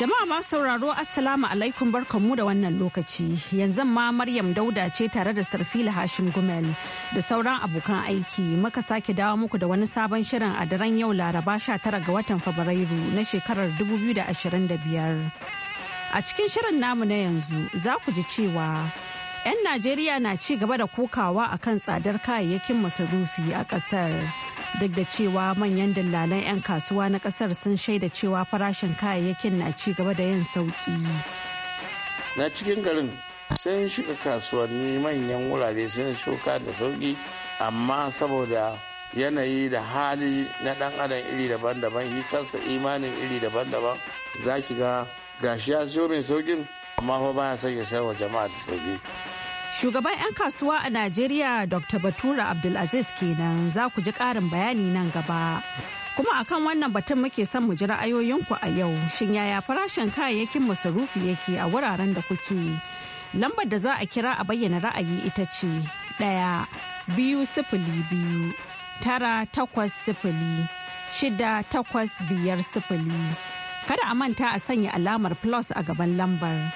Jama'a masu sauraro Assalamu alaikum barkanmu da wannan lokaci. Yanzu ma Maryam Dauda ce tare da Sarfila Hashim Gumel da sauran abokan aiki muka sake dawo muku da wani sabon shirin a daren yau Laraba 19 ga watan Fabrairu na shekarar 2025. A cikin shirin namu na yanzu za ku ji cewa 'yan Najeriya na ci gaba da kokawa akan tsadar kayayyakin masarufi a ƙasar. duk da cewa manyan dillalan 'yan kasuwa na kasar sun shaida cewa farashin kayayyakin na ci gaba da yin sauki. na cikin garin sun shiga kasuwanni manyan wurare sun shuka da sauki amma saboda yanayi da hali na dan adam iri daban-daban yi kansa imanin iri daban-daban za ki ga gashi ya siyo mai saukin amma fa baya son ya sayar wa jama'a da sauki Shugaban 'yan kasuwa a Najeriya Dr. Batura Abdulaziz kenan za ku ji ƙarin bayani nan gaba. Kuma akan wannan batun muke son mu ji ra'ayoyinku a yau shin yaya farashin kayayyakin masarufi yake a wuraren da kuke. Lambar da za a kira a bayyana ra'ayi ita ce ɗaya biyu sifili biyu tara takwas sifili shida takwas biyar sifili. Kada a manta a sanya alamar plus a gaban lambar.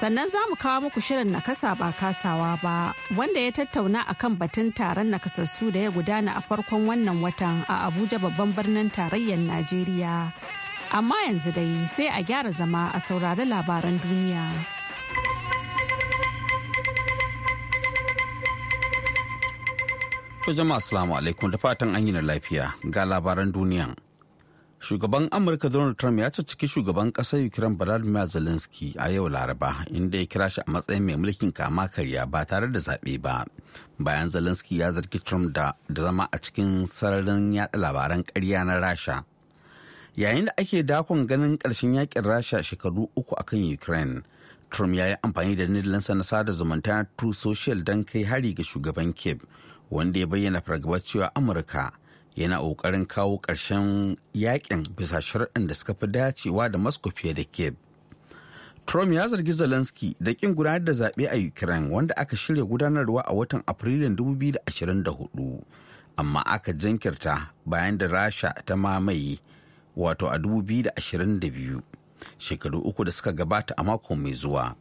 sannan za mu kawo muku shirin nakasa ba kasawa ba wanda ya tattauna a kan batun taron nakasassu da ya gudana a farkon wannan watan a abuja babban birnin tarayyar najeriya amma yanzu dai sai a gyara zama a saurari labaran duniya to jama'a assalamu alaikum da fatan an yi na lafiya ga labaran duniya shugaban amurka donald trump ya cicciki shugaban ƙasar ukraine vladimir zelensky a yau laraba inda ya kira shi a matsayin mai mulkin kama karya ba tare da zaɓe ba bayan zelensky ya zargi trump da zama a cikin sararin yada labaran ƙarya na rasha yayin da ake dakon ganin ƙarshen yakin rasha shekaru uku akan ukraine trump ya yi amfani da nidilinsa na sada zumunta na true social don kai hari ga shugaban kiev wanda ya bayyana fargabar cewa amurka yana ƙoƙarin kawo ƙarshen yakin bisa shari'an da suka fi dacewa da Moscow fiye da Kiev. Trump ya zargi Zelensky da kin gudanar da zaɓe a Ukraine wanda aka shirya gudanarwa a watan Afrilun 2024, amma aka jinkirta bayan da Rasha ta mamaye wato a 2022, shekaru uku da suka gabata a mako mai zuwa.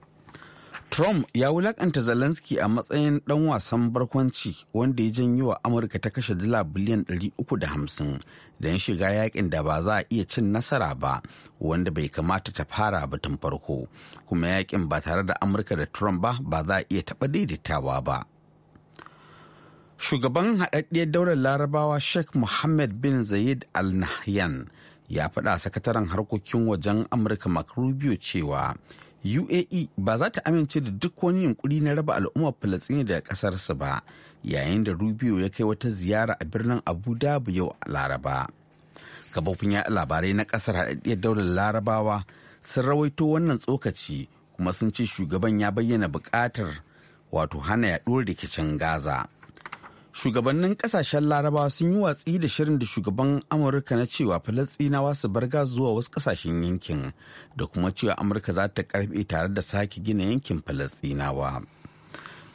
Trump ya wulakanta Zelensky a matsayin ɗan wasan barkwanci wanda ya janyo wa Amurka ta kashe dala biliyan 350 don shiga yakin da ba za a iya cin nasara ba wanda bai kamata ta fara ba tun farko kuma yakin ba tare da Amurka da Trump ba ba za a iya taɓa daidaitawa ba. Shugaban haɗaɗɗiyar daular larabawa Sheikh Mohammed bin Zayed Al Nahyan ya faɗa sakataren harkokin wajen Amurka Mark Rubio cewa UAE ba za ta amince da duk wani yunkuri na raba al'ummar Falasɗini daga ƙasarsu ba yayin da Rubio ya kai wata ziyara a birnin Abu Dhabi yau Laraba. Kafofin ya labarai na ƙasar haɗaɗɗiyar daular Larabawa sun rawaito wannan tsokaci kuma sun ce shugaban ya bayyana buƙatar wato hana yaɗuwar rikicin Gaza. shugabannin kasashen larabawa sun yi watsi da shirin da shugaban amurka na cewa falastinawa su bar gaza zuwa wasu kasashen yankin da kuma cewa amurka za ta karbe tare da sake gina yankin falastinawa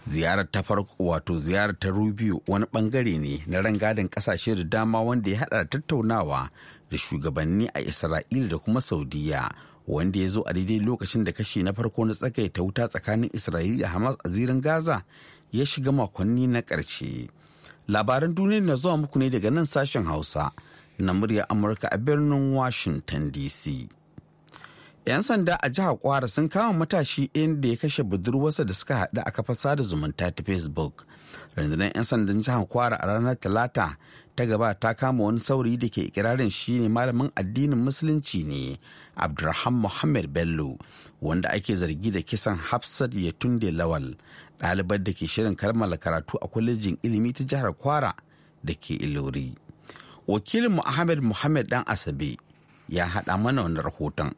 ziyarar ta farko wato ziyarar ta rubio wani bangare ne na rangadin kasashe da dama wanda ya hada da tattaunawa da shugabanni a isra'ila da kuma saudiya wanda ya zo a daidai lokacin da kashi na farko na ta wuta tsakanin isra'ila da hamas a zirin gaza ya shiga makonni na ƙarshe. labaran duniya na zuwa muku ne daga nan sashen hausa na murya amurka a birnin washington dc 'yan sanda a jihar kwara sun kama matashi inda ya kashe budurwarsa da suka haɗu a kafa sada zumunta ta facebook rundunar 'yan sandan jihar kwara a ranar talata ta gaba ta kama wani saurayi da ke ikirarin shi ne malamin addinin musulunci ne abdulrahman muhammad bello wanda ake zargi da kisan hafsat ya tunde lawal ɗalibar da ke shirin kammala karatu a kwalejin ilimi ta jihar kwara da ke ilori wakilin muhammad muhammad dan asabe ya haɗa mana wani rahoton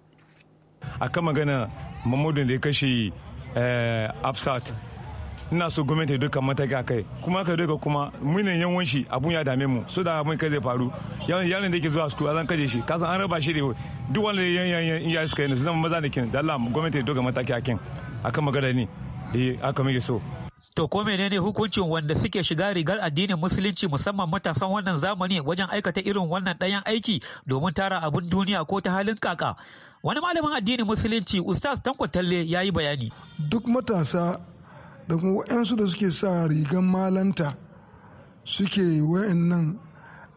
a kan magana mamudin da ya kashe afsat ina so gwamnati ya duka mataki a kai kuma ka duka kuma munin yawanci abun ya dame mu so da abun kai zai faru da yake zuwa azan kaje shi kasan an raba shi da duk wanda yi maza da kin da Allah gwamnati ya duka mataki a eh aka muke so To ko menene hukuncin wanda suke shiga rigar addinin musulunci musamman matasan wannan zamani wajen aikata irin wannan ɗayan aiki domin tara abin duniya ko ta halin kaka. Wani malamin addinin musulunci Ustaz Tanko Talle ya yi bayani. Duk matasa da kuma waɗansu da suke sa rigar malanta suke wayannan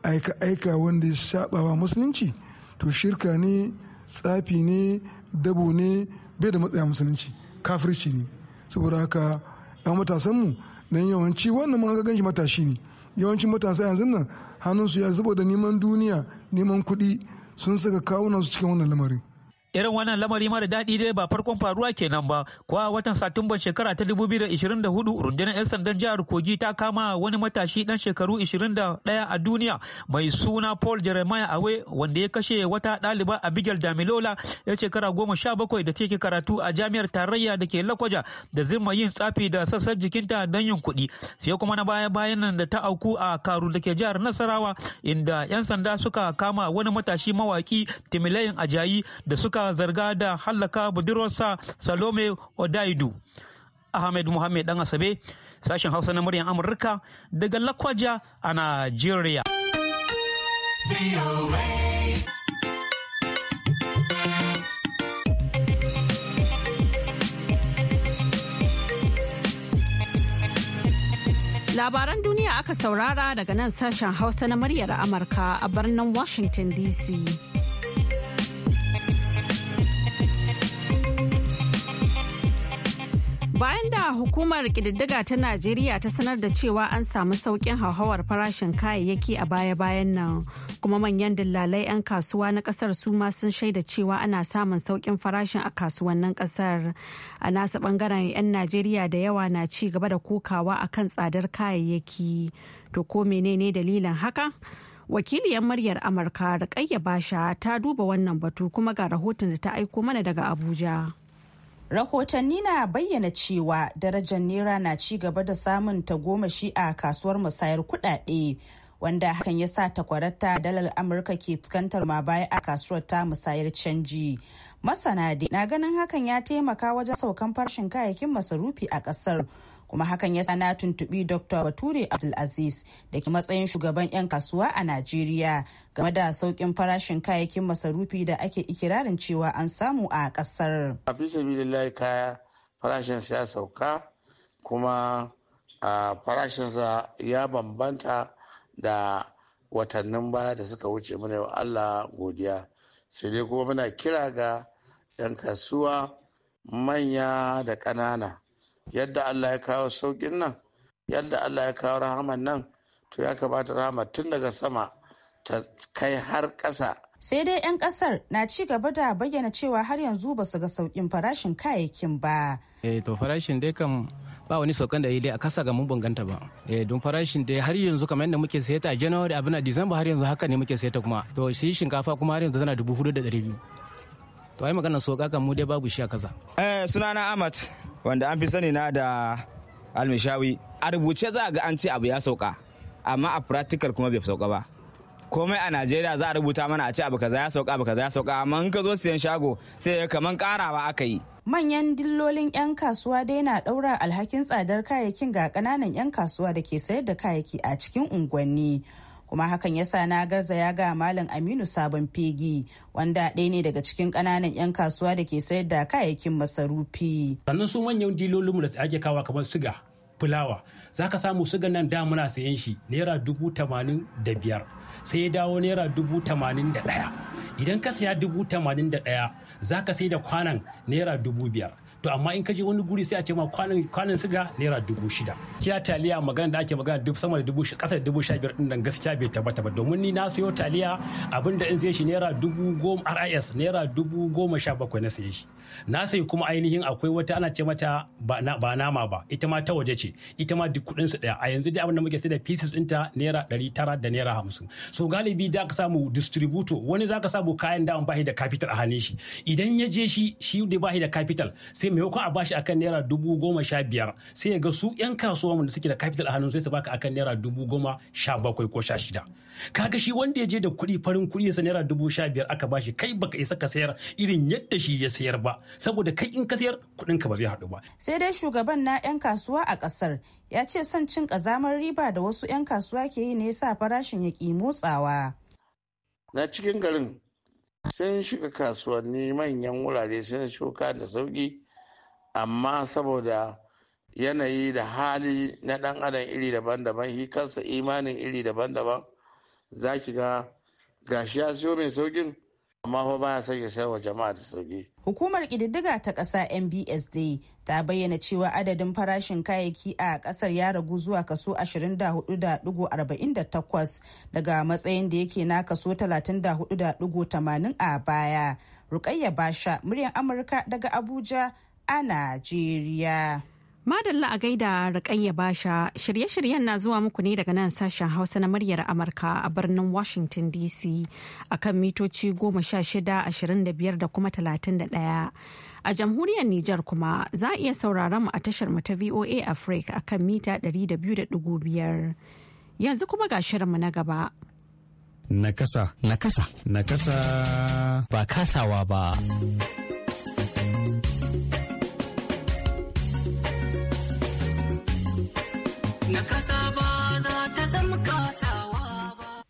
aika-aika wanda ya wa musulunci to shirka ne tsafi ne dabo ne bai da matsaya musulunci kafirci ne. saboda haka yan matasanmu don yawanci wannan ma ganshi matashi ne yawancin matasa yanzu nan hannunsu ya zubo da neman duniya neman kuɗi sun saka kawunan su cikin wannan lamarin irin wannan lamari mara daɗi dai ba farkon faruwa kenan ba kuwa watan satumba shekara ta 2024 rundunar 'yan sandan jihar kogi ta kama wani matashi dan shekaru 21 a duniya mai suna paul jeremiah awe wanda ya kashe wata ɗaliba abigail damilola ya shekara goma sha bakwai da take karatu a jami'ar tarayya da ke lakwaja da zimma yin tsafi da sassan jikinta don yin kuɗi sai kuma na baya bayan nan da ta auku a karu da ke jihar nasarawa inda 'yan sanda suka kama wani matashi mawaki timilayin ajayi da suka zarga da hallaka budurwarsa salome odaidu ahmed muhammed dan asabe sashen hausa na muryar amurka daga lakwaja a nigeria labaran duniya aka saurara daga nan sashen hausa na muryar amurka a birnin washington dc Bayan da hukumar ƙididdiga ta Najeriya ta sanar da cewa an samu saukin hauhawar farashin kayayyaki a baya-bayan nan, kuma manyan dillalai 'yan kasuwa na ƙasar su ma sun shaida cewa ana samun saukin farashin a kasuwannin ƙasar. A nasa ɓangaren 'yan Najeriya da yawa na ci gaba da kokawa a kan tsadar kayayyaki. To ko menene dalilin haka? wakiliyar muryar amurka da basha ta duba wannan batu kuma ga rahoton da ta aiko mana daga abuja Rahotanni na bayyana cewa darajar Naira na ci gaba da samun tagomashi a kasuwar musayar kuɗaɗe. wanda hakan ya sa takwarata dalar amurka ke fuskantar ma baya a kasuwar ta musayar canji masana na ganin hakan ya taimaka wajen saukan farashin kayayyakin masarufi a kasar kuma hakan ya na tuntubi dr bature abdulaziz da ke matsayin shugaban 'yan kasuwa a najeriya game da sauƙin farashin kayayyakin masarufi da ake ikirarin cewa an samu a ƙasar. a kaya farashinsa ya sauka kuma farashinsa ya bambanta da watannin baya da suka wuce mana yau allah godiya sai dai kuma muna kira ga 'yan kasuwa manya da ƙanana yadda Allah ya kawo saukin nan yadda Allah ya kawo rahaman nan to ya kamata rahama tun daga sama ta kai har ƙasa. Sai dai 'yan ƙasar na ci gaba da bayyana cewa har yanzu ba su ga sauƙin farashin kayayyakin ba. Eh to farashin dai kan ba wani saukan da yi dai a kasa ga mun banganta ba eh don farashin dai har yanzu kamar yadda muke sayar ta January abin a December har yanzu haka ne muke sayar ta kuma to shi shinkafa kuma har yanzu tana dubu hudu da ɗari biyu to ai maganar sauka kan mu dai babu shi a kasa. eh sunana Ahmad wanda an fi sani na da almishawi a rubuce za a ga an ce abu ya sauka amma a practical kuma bai sauka ba komai a najeriya za a rubuta mana a ce abu kaza ya sauka abu kaza ya sauka amma in ka zo siyan shago sai ya kaman karawa aka yi manyan dillolin 'yan kasuwa dai na daura alhakin tsadar kayayyakin ga kananan 'yan kasuwa da ke sayar da kayayyaki a cikin unguwanni kuma hakan ya sa na garza ya ga malam aminu sabon fegi wanda ɗaya ne daga cikin ƙananan 'yan kasuwa da ke sayar da kayayyakin masarufi sannan su manyan dilolin da ake kawa kamar suga fulawa za ka samu suga nan da muna sayan shi naira dubu tamanin da biyar sai ya dawo naira dubu tamanin da ɗaya idan ka saya dubu tamanin da ɗaya za ka sai da kwanan naira dubu biyar to amma in ka je wani guri sai a ce ma kwanan kwanan siga naira dubu shida kiya taliya magana da ake magana duk sama da dubu kasa da dubu sha biyar din gaskiya bai tabbata ba domin ni na sayo taliya abinda in sai shi naira dubu goma RIS naira dubu goma sha bakwai na sayi shi na sayi kuma ainihin akwai wata ana ce mata ba nama ba ita ma ta waje ce ita ma duk kudin su daya a yanzu dai abinda da muke sai da pieces ɗinta naira ɗari tara da naira hamsin so galibi da ka samu distributor wani za ka samu kayan da ba da capital a hannun shi idan ya je shi shi da bahi da capital sai sai maimakon a bashi akan naira dubu goma sha biyar sai ya ga su yan kasuwa wanda suke da capital a hannun sai su baka akan naira dubu goma sha bakwai ko sha shida kaga shi wanda ya je da kuɗi farin kuɗi sa naira dubu sha biyar aka bashi kai baka isa ka sayar irin yadda shi ya sayar ba saboda kai in ka sayar kuɗin ka ba zai haɗu ba sai dai shugaban na yan kasuwa a ƙasar ya ce son cin ƙazamar riba da wasu yan kasuwa ke yi ne ya sa farashin ya ƙi motsawa na cikin garin sun shiga kasuwanni manyan wurare sun shuka da sauki amma saboda yanayi da hali na dan adam iri daban-daban shi kansa imanin iri daban-daban za ki ga gashi ya siyo mai saukin amma fa baya son ya wa jama'a da sauki. Hukumar kididdiga ta kasa MBS dai ta bayyana cewa adadin farashin kayayyaki a kasar ya ragu zuwa kaso 24.48 daga matsayin da yake na kaso 34.80 a baya. Rukayya Basha, muryar Amurka daga Abuja, a Najeriya. Madalla a gaida Rakayya Basha shirye-shiryen na zuwa muku ne daga nan sashen Hausa na muryar Amurka a birnin Washington DC a kan mitoci goma shida ashirin da da kuma talatin da ɗaya. A jamhuriyar Nijar kuma za a iya sauraron mu a tashar mu ta VOA Africa a kan mita ɗari da biyu da Yanzu kuma ga shirinmu na gaba. Nakasa. Nakasa. Nakasa. Ba kasawa ba.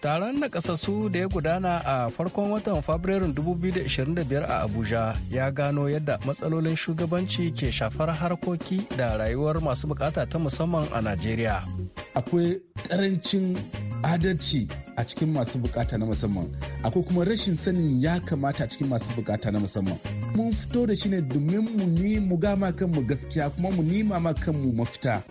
Taron nakasassu da ya gudana a farkon watan Fabrairun 2025 a Abuja ya gano yadda matsalolin shugabanci ke shafar harkoki da rayuwar masu bukata ta musamman a Najeriya. Akwai karancin adalci a cikin masu bukata na musamman. Akwai kuma rashin sanin ya kamata a cikin masu bukata na musamman. Mun fito da shi ne domin mu ma kanmu gaskiya kuma mu nima ma kanmu mafita.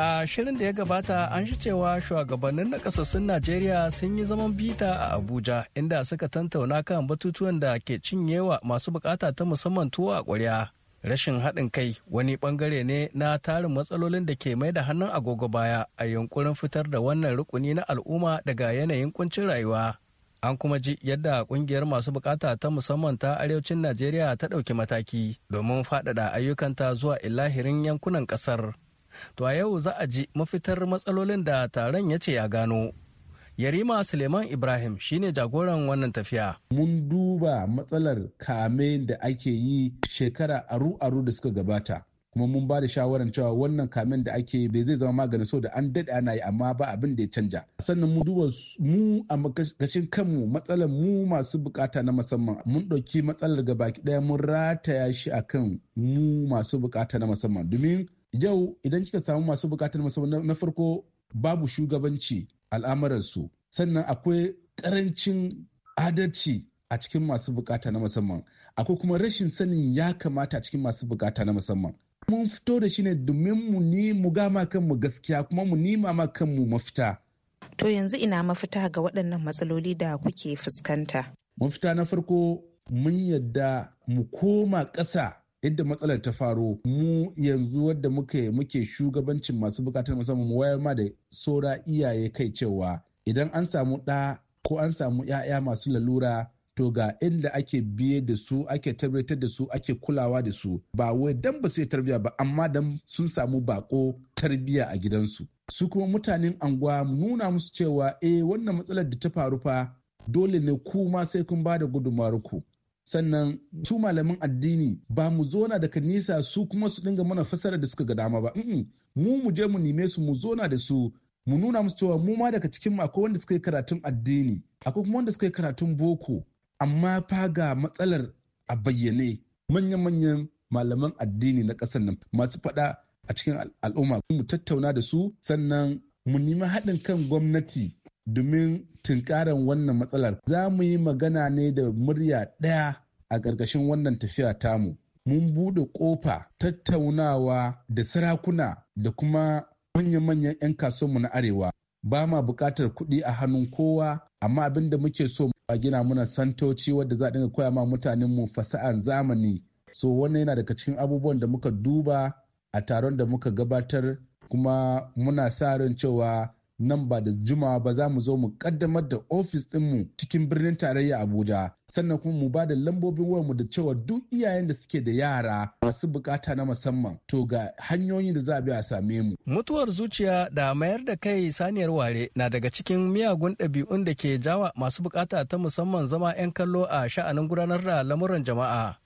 a shirin da ya gabata an shi cewa shugabannin nakasassun najeriya sun yi zaman bita a abuja inda suka tantauna kan batutuwan da ke cinye wa masu bukata ta musamman tuwo a kwarya rashin haɗin kai wani ɓangare ne na tarin matsalolin da ke mai da hannun agogo baya a yunkurin fitar da wannan rukuni na al'umma daga yanayin kuncin rayuwa an kuma ji yadda kungiyar masu bukata ta musamman ta arewacin najeriya ta ɗauki mataki domin faɗaɗa ayyukanta zuwa ilahirin yankunan ƙasar To a yau za a ji mafitar matsalolin da taron ya ce ya gano. Yarima Suleiman Ibrahim shine jagoran wannan tafiya. Mun duba matsalar kame da ake yi shekara aru-aru da suka gabata. kuma mun ba da shawarar cewa wannan kamen da ake bai zai zama maganin so da an daɗe ana yi amma ba abin da ya canja sannan mu duba mu a makashin kanmu matsalar mu masu bukata na musamman mun ɗauki matsalar gabaki ɗaya mun rataya shi akan mu masu bukata na musamman domin yau idan kika samu masu bukatar musamman na farko babu shugabanci al'amuransu sannan akwai karancin adalci a cikin masu bukata na musamman akwai kuma rashin sanin ya kamata a cikin masu bukata na musamman mun fito da shi ne domin mu ni mu gama kanmu gaskiya kuma mu nima ma kanmu mafita to yanzu ina mafita ga waɗannan matsaloli da kuke fuskanta mafita na farko mun yadda mu koma ƙasa Yadda matsalar ta faro mu yanzu wadda muke muke shugabancin masu bukatar musamman mu wayar ma da saura iyaye kai cewa idan an samu ɗa ko an samu 'ya'ya masu lalura to ga inda ake biye da su ake tabbatar da su ake kulawa da su ba wai dan ba su yi tarbiya ba amma dan sun samu bako tarbiyya a gidansu su kuma mutanen anguwa nuna musu cewa eh wannan matsalar da ta faru fa dole ne kuma sai kun ba da gudunmawar ku sannan su malaman addini ba mu zona daga nisa su kuma su dinga mana fasara da suka ga dama ba mu mu je mu nime su mu zona da su mu nuna musu cewa mu ma daga cikin mu akwai wanda suka yi karatun addini akwai kuma wanda suka yi karatun boko amma fa ga matsalar a bayyane manya-manyan malaman addini na ƙasar nan masu faɗa a cikin al'umma mu tattauna da su sannan mu nemi haɗin kan gwamnati domin tunkaran wannan matsalar. Za mu yi magana ne da murya ɗaya a ƙarƙashin wannan tafiya tamu. Mun buɗe ƙofa tattaunawa da sarakuna da kuma manya-manyan 'yan kasuwanmu na Arewa. Ba ma buƙatar kuɗi a hannun kowa, amma abin da muke so a gina muna santoci wadda za a dinga koya ma mutanenmu fasa'an zamani. So wannan yana daga cikin abubuwan da muka duba a taron da muka gabatar kuma muna sa ran cewa nan ba da jumawa ba za mu zo mu kaddamar da ofis ɗinmu cikin birnin tarayya abuja sannan kuma mu ba da lambobin wayarmu da cewa duk iyayen da suke da yara masu bukata na musamman to ga hanyoyin da za a bi a same mu. Mutuwar zuciya da mayar da kai saniyar ware na daga cikin miyagun ɗabi'un da ke jawa masu bukata ta musamman zama 'yan kallo a sha'anin gudanar da lamuran jama'a.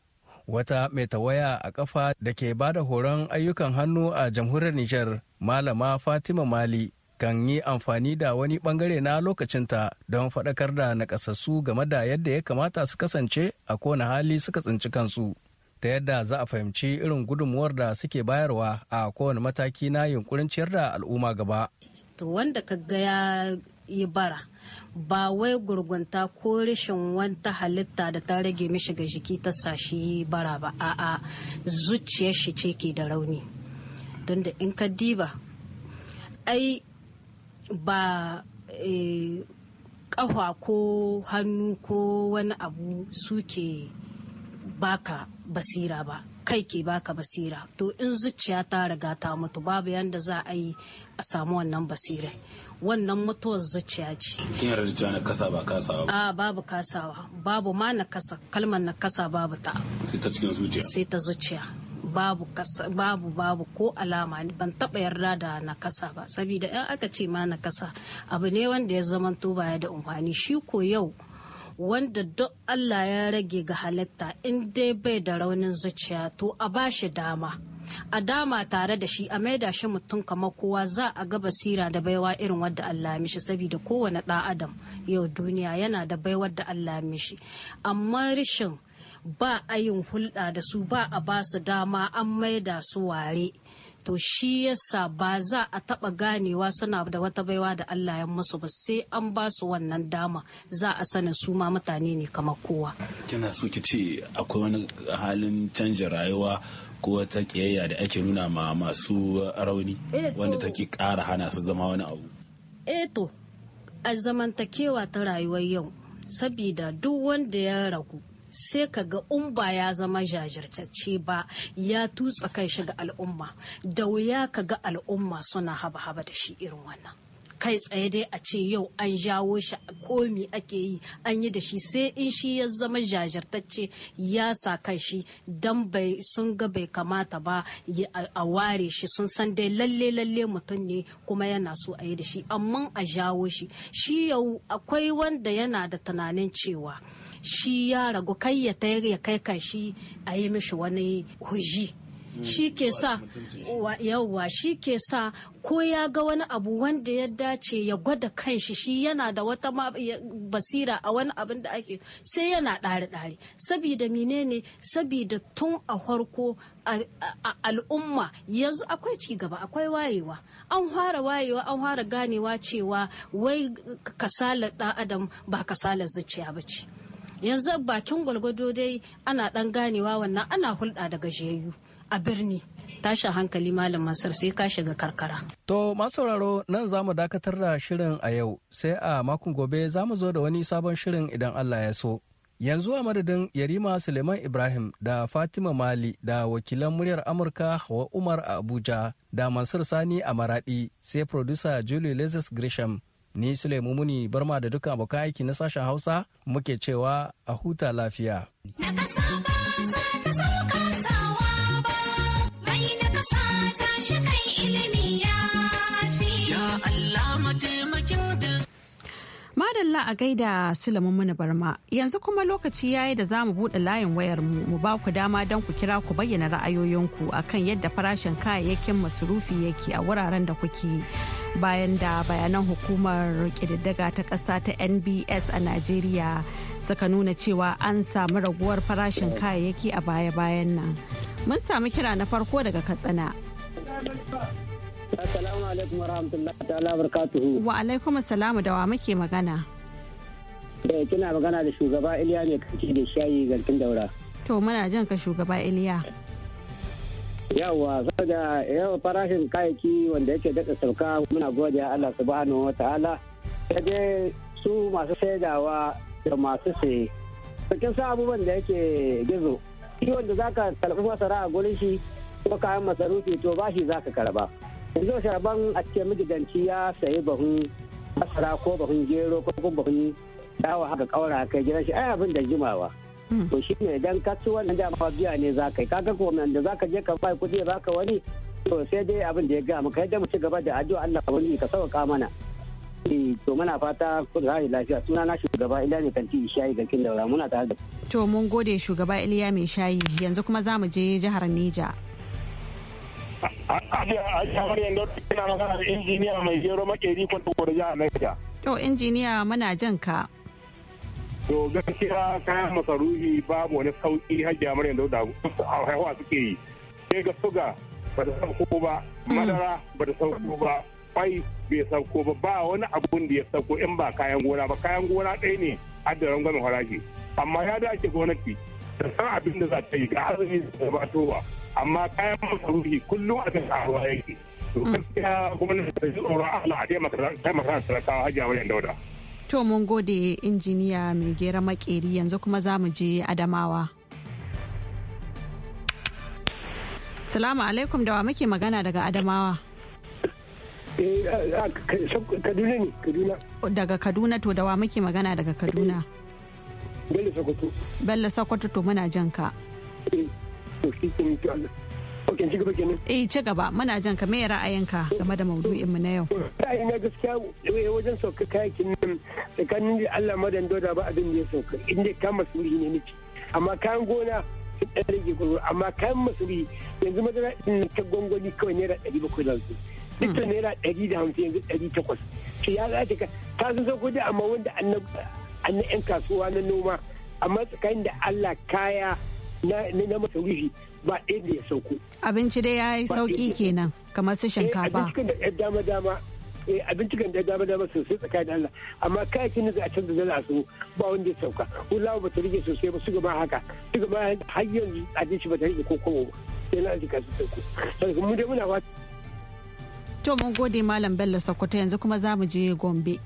Wata mai tawaya a kafa da ke ba da horon ayyukan hannu a jamhuriyar Nijar, Malama Fatima Mali kan yi amfani da wani bangare na lokacinta don faɗakar da nakasassu game da yadda ya kamata su kasance a kowane hali suka tsinci kansu ta yadda za a fahimci irin gudunmuwar da suke bayarwa a kowane mataki na yunkurin ciyar da al'umma gaba. To wanda ka ga ya yi bara ba wai gurgunta ko rashin wata halitta da ta rage mishi ga jiki ta sashi bara ba a'a zuciyar shi ce ke da rauni. Don da in ka diba ai ba eh, ƙafa ko hannu ko wani abu suke baka basira ba kai ke baka basira to in zuciya ta riga ta mutu babu yadda za a yi a samu wannan basira wannan mutuwar zuciya ce kiyar zuciya na kasa ba kasawa a ah, babu kasawa babu ma na kasa kalmar na kasa babu ta sai ta cikin zuciya sai ta zuciya babu babu babu ko alama ban taba yarda da na kasa ba saboda in aka ce ma na kasa abu ne wanda ya zama to baya da umfani shi ko yau wanda duk Allah ya rage ga halitta in dai bai da raunin zuciya to a bashi dama a dama tare da shi a da shi mutum kamar kowa za a ga basira da baiwa irin wadda Allah mishi saboda kowane ɗan adam yau duniya yana da baiwar da Allah mishi amma rishin ba a yin hulɗa da su ba a ba su dama an maida su ware to shi yasa ba za a taɓa ganewa suna da wata baiwa da Allah ya musu ba sai an ba su wannan dama za a sanin su ma mutane ne kamar kowa kina so ki ce akwai wani halin canja rayuwa ko wata kiyayya da ake nuna ma masu rauni eh, wanda take ƙara hana su zama wani abu eh to a zamantakewa ta rayuwar yau sabida duk wanda ya ragu sai ka ga umba ya zama jajirtacce ba ya tutsa kan shi ga al'umma da wuya ka ga al'umma suna haba-haba da shi irin wannan kai tsaye dai a ce yau an jawo shi komi ake yi an yi da shi sai in shi ya zama jajirtacce ya sa kan shi dan bai sun ga bai kamata ba a ware shi sun san dai lalle lalle mutum ne kuma yana so a yi da shi amma a jawo shi shi yau akwai wanda yana da tunanin cewa shi ya ragu kai ya ta ya kai kan shi a yi mishi wani huji hmm. shi ke sa yawwa shi ke sa ko ya ga wani abu wanda ya dace ya gwada kanshi shi yana da wata basira a wani abin da ake sai yana ɗare-ɗare sabida menene sabida tun a farko al'umma yanzu akwai cigaba akwai wayewa an fara wayewa an fara ganewa cewa wai kasalar ɗan adam ba kasalar zuciya ba ce yanzu bakin gwalgwado dai ana dan ganewa wannan ana hulɗa da jeyu a birni tashin hankali malam masar sai ka shiga karkara. To masu sauraro nan za mu dakatar da shirin a yau sai a makon gobe za mu zo da wani sabon shirin idan Allah ya so. Yanzu a madadin Yarima Suleiman Ibrahim da Fatima Mali da wakilan muryar Amurka Hawa Umar a Abuja da Mansur Sani a Maradi sai producer Julie Lazarus Grisham Ni Sulaimu Muni Barma da duka abokan aiki na sashen Hausa muke cewa a huta lafiya. Na ƙasa ba za ta sauka madalla a gaida Sulaiman mana Barma. Yanzu kuma lokaci yayi da za mu buɗe layin wayar mu mu ba ku dama don ku kira ku bayyana ra'ayoyinku akan yadda farashin kayayyakin masurufi yake a wuraren da kuke. Bayan da bayanan hukumar ƙididdiga ta ƙasa ta NBS a Najeriya suka nuna cewa an samu raguwar farashin kayayyaki a baya-bayan nan. Mun samu kira na farko daga Katsina. Assalamu alaikum wa rahmatullahi ta'ala barakatuhu. Wa alaikum assalamu da wa muke magana. Da eh, kina magana da shugaba Iliya ne kake da shayi garkin daura. To muna jan ka shugaba Iliya. Yawwa saboda yawa farashin kayaki wanda yake daɗa sauka muna gode Allah subhanahu wa ta'ala. Sai su masu saidawa da masu saye. Sakin sa abubuwan da yake gizo. Shi wanda zaka karɓi masara a gurin shi ko kayan masarufi to ba shi zaka karɓa. yanzu shaban a ce magidanci ya sayi bahun masara ko bahun gero ko kuma bahun dawa haka kaura kai gidan shi ai abin da jimawa hmm. to shi ne idan ka ci wannan ma biya ne za ka yi kaga ko da za ka je ka bai kuɗi za ka wani to sai dai abin da ya ga maka yadda mu ci gaba da addu'a Allah wani ka sauka mana eh, to muna fata ku da lafiya suna na shugaba Iliya kan ci shayi garkin daura muna tare da to mun gode shugaba Iliya mai shayi yanzu kuma za mu je jihar Neja. Ajiya yanzu ina magana da injiniya mai gero makeri kwanta jihar Niger. To injiniya muna jan ka. To gaskiya kayan masarufi babu wani sauki hajiya mara yanzu da haihuwa suke yi. Sai ga suga ba ta sauko ba, hmm. madara ba ta sauko ba, kwai bai sauko ba, ba wani abun da ya sauko in ba kayan gona ba. Kayan gona ɗaya ne addaran gwamnati haraji. Amma ya dace gwamnati da san abin da za ta yi ga azumi da ba ba. amma kayan masarufi kullum a kan karuwa yake to mm. gaskiya gwamnati ta ji tsoron Allah a taimaka talakawa hajiya wajen dauda. To mun gode injiniya mai gera makeri yanzu kuma za mu je Adamawa. Salamu alaikum da wa muke magana daga Adamawa. Eh, Kaduna ne, Kaduna. Daga Kaduna to da wa muke magana daga Kaduna. Bello Sokoto. Bello Sokoto to muna jan ka. Eh. eh ci gaba muna jan ka me ra'ayinka game da maudu'in mu na yau na gaskiya eh, wajen sauka kayakin nan tsakanin da Allah madan doda ba abin da ya sauka inda ka masuri ne miki amma kayan gona sun ɗan rage gwargwaro amma kayan masuri yanzu madara ta gwangwani kawai naira ɗari bakwai da hamsin duk da naira ɗari da hamsin yanzu ɗari takwas Ki ya za ta ka san sauko da amma wanda an na 'yan kasuwa na noma amma tsakanin da Allah kaya na masarufi ba ɗaya da ya sauko. Abinci dai ya yi sauki kenan kamar su eh, shinkafa. abinci kan da eh, dama dama sosai tsakanin Allah amma kayakin da a can da dala su ba wanda ya sauka wulawa ba ta rike sosai ba su gaba haka su gaba har yanzu abinci ba ta rike ko kowa sai na azika su sauko sai mu dai muna wata. To mun gode Malam Bello Sokoto yanzu kuma za mu je Gombe.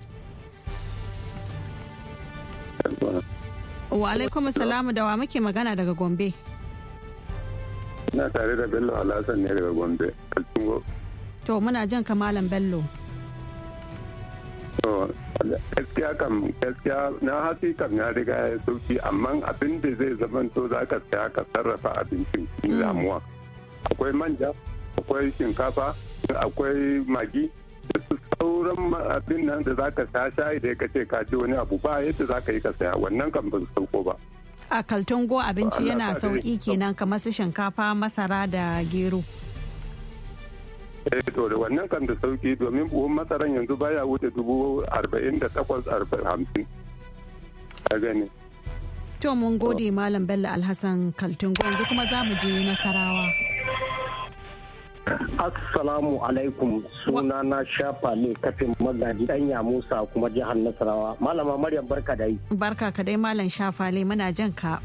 Wa alaikum salamu da wa muke magana daga Gombe. Ina tare da Bello Alhassan ne daga Gombe, To muna jan kamalan Bello. To gaskiya kam gaskiya na hasi kam ya riga ya sauki amma abin da zai zamanto za ka saya ka sarrafa abincin mm. damuwa. Akwai manja, akwai shinkafa, akwai magi, sauran abin nan da zaka sha shayi da ka ce ka ci wani abu ba yadda zaka yi ka saya wannan kan ba su sauko ba a kaltungo abinci yana sauki kenan kamar su shinkafa masara da gero eh, to da wannan kan da sauki domin buhun masaran yanzu baya wuce dubu arba'in da takwas hamsin a gani to mun gode malam bello alhassan kaltungo yanzu kuma za mu je nasarawa Assalamu alaikum suna na shafa ne kafin magaji ɗanya Musa kuma jihar Nasarawa. Malama Maryam barka da yi. Barka ka dai Malam shafa ne muna jan ka.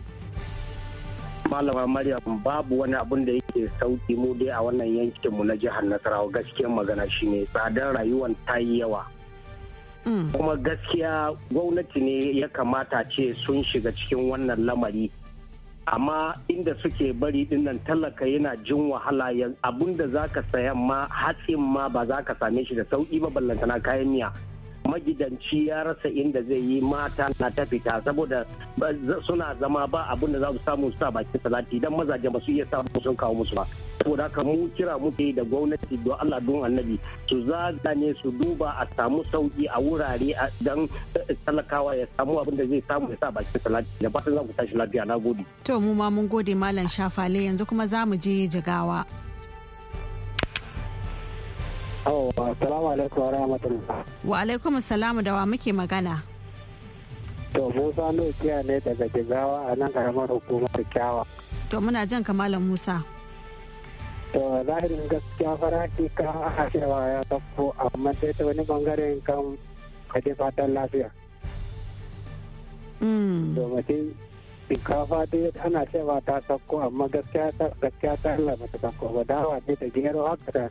Malama Maryam babu wani abun da yake sauki mu dai a wannan yankin mu na jihar Nasarawa gaskiyar magana shine tsadar rayuwar ta yi yawa. Mm. Kuma gaskiya gwamnati ne ya kamata ce sun shiga cikin wannan lamari. amma inda suke bari dinnan talaka yana jin wahala abun da za ka sayan ma hatsin ma ba za ka same shi da sauƙi ba ballantana kayan miya magidanci ya rasa inda zai yi mata na ta fita saboda suna zama ba abin da za su samu su sa bakin salati idan mazaje ba su iya samu sun kawo musu ba saboda haka mu kira muke da gwamnati don Allah don annabi su zaga ne su duba a samu sauki a wurare dan talakawa ya samu abin da zai samu ya sa bakin salati da fatan za ku tashi lafiya na gode to mu ma mun gode malam shafale yanzu kuma za mu je jigawa Assalamu alaikum wa rahmatullah. Wa alaikum assalamu da wa muke magana. To Musa Nokiya ne daga Jigawa a nan karamar hukumar Kyawa. To muna jan kamalan Musa. To zahirin gaskiya farashi ka a cewa ya tafi amma sai ta wani bangaren kan kaje fatan lafiya. Mm. To Domin shinkafa dai ana cewa ta sauko amma gaskiya ta gaskiya ta Allah ba ta ba dawa ne da gero haka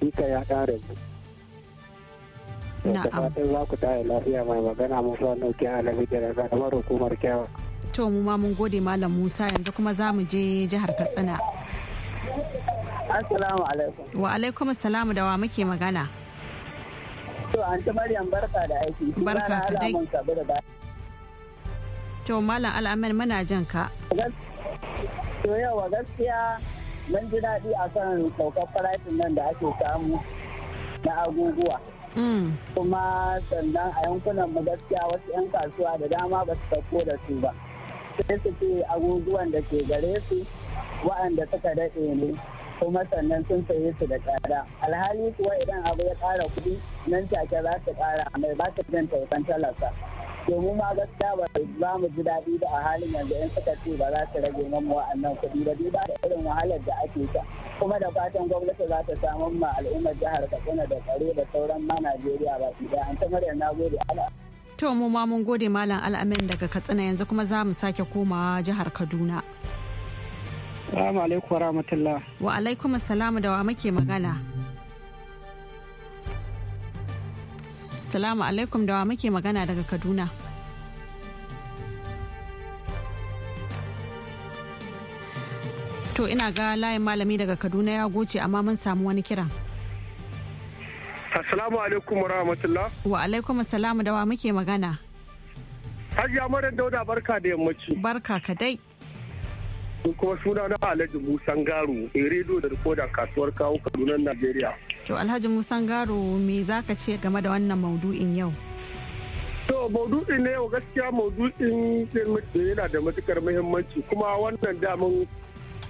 duka ya ƙara Na'am. Da fatan za ku tare lafiya mai magana Musa Nauki Alabi da ƙaramar hukumar kyawa. To mu ma mun gode Malam Musa yanzu kuma za mu je jihar Katsina. Assalamu alaikum. Wa alaikum assalam da wa muke magana. To an ta Maryam barka da aiki. Barka ta dai. To Malam Al'amir muna jan ka. To yawa gaskiya mun ji daɗi a kan saukar farashin nan da ake samu na abubuwa. Mm. Kuma sannan a yankunan mu gaskiya wasu 'yan kasuwa da dama ba su sauko da su ba. Sai su ce abubuwan da ke gare su wa'anda suka daɗe ne kuma sannan sun saye su da tsada. Alhali kuwa idan abu ya ƙara kuɗi nan take za su ƙara mai ba su jin tausan talaka. domin ma gaskiya ba za mu ji daɗi da a halin yanzu in suka ce ba za su rage mamu wa'annan kuɗi ba duba da irin wahalar da ake ta kuma da fatan gwamnati za ta samu ma al'ummar jihar katsina da tsaro da sauran ma najeriya ba su an ta murya na gode ala. to mu ma mun gode malam al'amin daga katsina yanzu kuma za mu sake komawa jihar kaduna. Assalamu alaikum wa rahmatullah. wa alaikum assalamu da wa muke magana. Assalamu alaikum da wa muke magana daga Kaduna. To ina ga layin malami daga Kaduna ya goce amma mun samu wani kira. Assalamu alaikum wa rahmatullah. Wa alaikum assalam da wa muke magana. Hajiya Maryam Dauda barka da yammaci. Barka ka dai. Kuma suna na Alhaji Musan Garu, rediyo da Rikodan kasuwar kawo Kaduna Najeriya. To Alhaji musa Garo me zaka ce game da wannan maudu'in yau? To maudu'in ne yau gaskiya maudu'in yana da matukar muhimmanci kuma wannan damin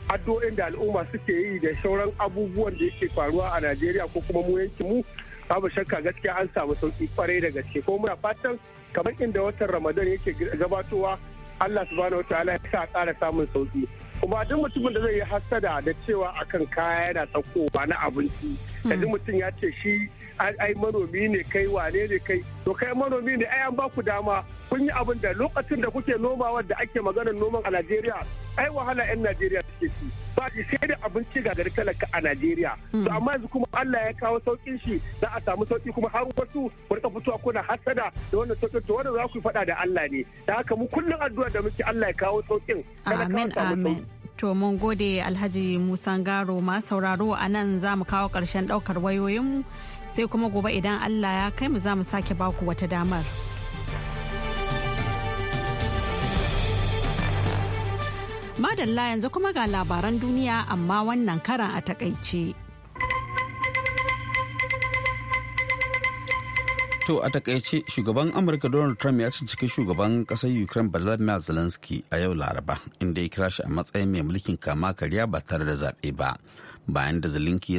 addu'o'in da al'umma suke yi da sauran abubuwan da yake faruwa a Najeriya ko kuma mu yankin mu babu shakka gaskiya an samu sauki kwarai da gaske ko muna fatan kamar inda watan Ramadan yake gabatowa Allah subhanahu wataala ya sa ƙara samun sauki kuma duk mutumin da zai yi hasada da cewa akan kaya yana saukowa na abinci yanzu mutum ya ce shi ai manomi ne kai wane ne kai to kai manomi ne ai an ba ku dama kun yi abin da lokacin da kuke nomawa da ake maganar noman a Najeriya ai wahala 'yan Najeriya suke ci ba shi sai da abinci ga gari talaka a Najeriya hmm. to amma yanzu kuma Allah ya kawo saukin shi za a samu sauki kuma har wasu wata fitowa kuna hasada da wannan saukin to wanda za ku faɗa da Allah ne da haka mu kullum addu'a da muke Allah ya kawo saukin amin amin To mun gode Alhaji Musa Garo ma sauraro a nan za mu kawo ƙarshen ɗaukar wayoyinmu sai kuma gobe idan Allah ya kai mu za mu sake baku wata damar. Madalla yanzu kuma ga labaran duniya amma wannan karan a takaice. To a takaice shugaban Amurka Donald Trump ya cinciki shugaban kasar Ukraine Volodymyr Zelensky a yau Laraba inda ya kira shi a matsayin mai mulkin kama karya ba tare da zaɓe ba. Bayan da Zelensky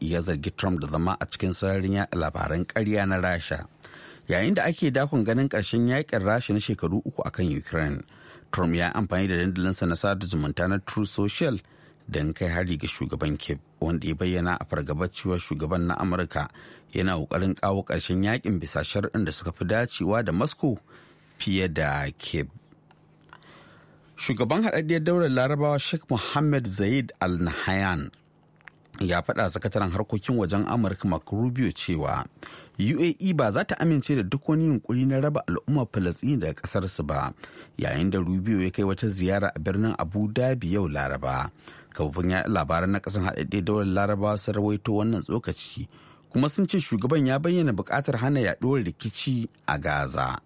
ya zargi Trump da zama a cikin sararin ya labaran karya na Rasha. Yayin da ake dakon ganin ƙarshen yakin Rasha na shekaru uku akan Ukraine, Trump ya amfani da dandalinsa na sada zumunta na True Social don kai hari ga shugaban kip wanda ya bayyana a fargabar cewa shugaban na Amurka yana kokarin kawo ƙarshen yakin bisa shar'in da suka fi dacewa da masko fiye da kip Shugaban haɗaɗɗiyar daular Larabawa Sheikh Mohammed zaid Al Nahyan ya faɗa sakataren harkokin wajen Amurka Mark Rubio cewa UAE ba za ta amince da duk wani yunkuri na raba al'ummar Falasɗini daga ƙasarsu ba yayin da Rubio ya kai wata ziyara a birnin Abu Dhabi yau Laraba. kafofin ya labaran na kasan haɗaɗɗe daular larabawa sun rawaito wannan tsokaci kuma sun ce shugaban ya bayyana buƙatar hana yaɗuwar rikici a gaza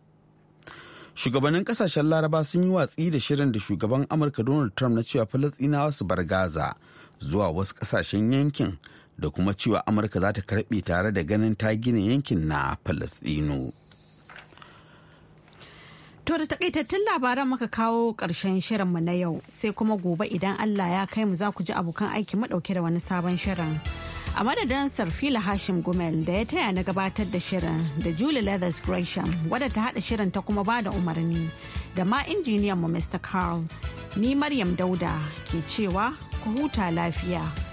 shugabannin kasashen laraba sun yi watsi da shirin da shugaban amurka donald trump na cewa falastinawa su bar gaza zuwa wasu kasashen yankin da kuma cewa amurka za ta karbe tare da ganin ta gina yankin na falastinu To da takaitattun labaran muka kawo ƙarshen shirinmu na yau sai kuma gobe idan Allah ya kai mu za ku ji abokan aiki madauke da wani sabon shirin. A madadin Sarfila Hashim Gumel da ya taya na gabatar da shirin da Julie Leathers Gresham wadda ta haɗa shirin ta kuma ba da umarni da ma injiniyan mu Mr. Carl ni Maryam Dauda ke cewa ku huta lafiya.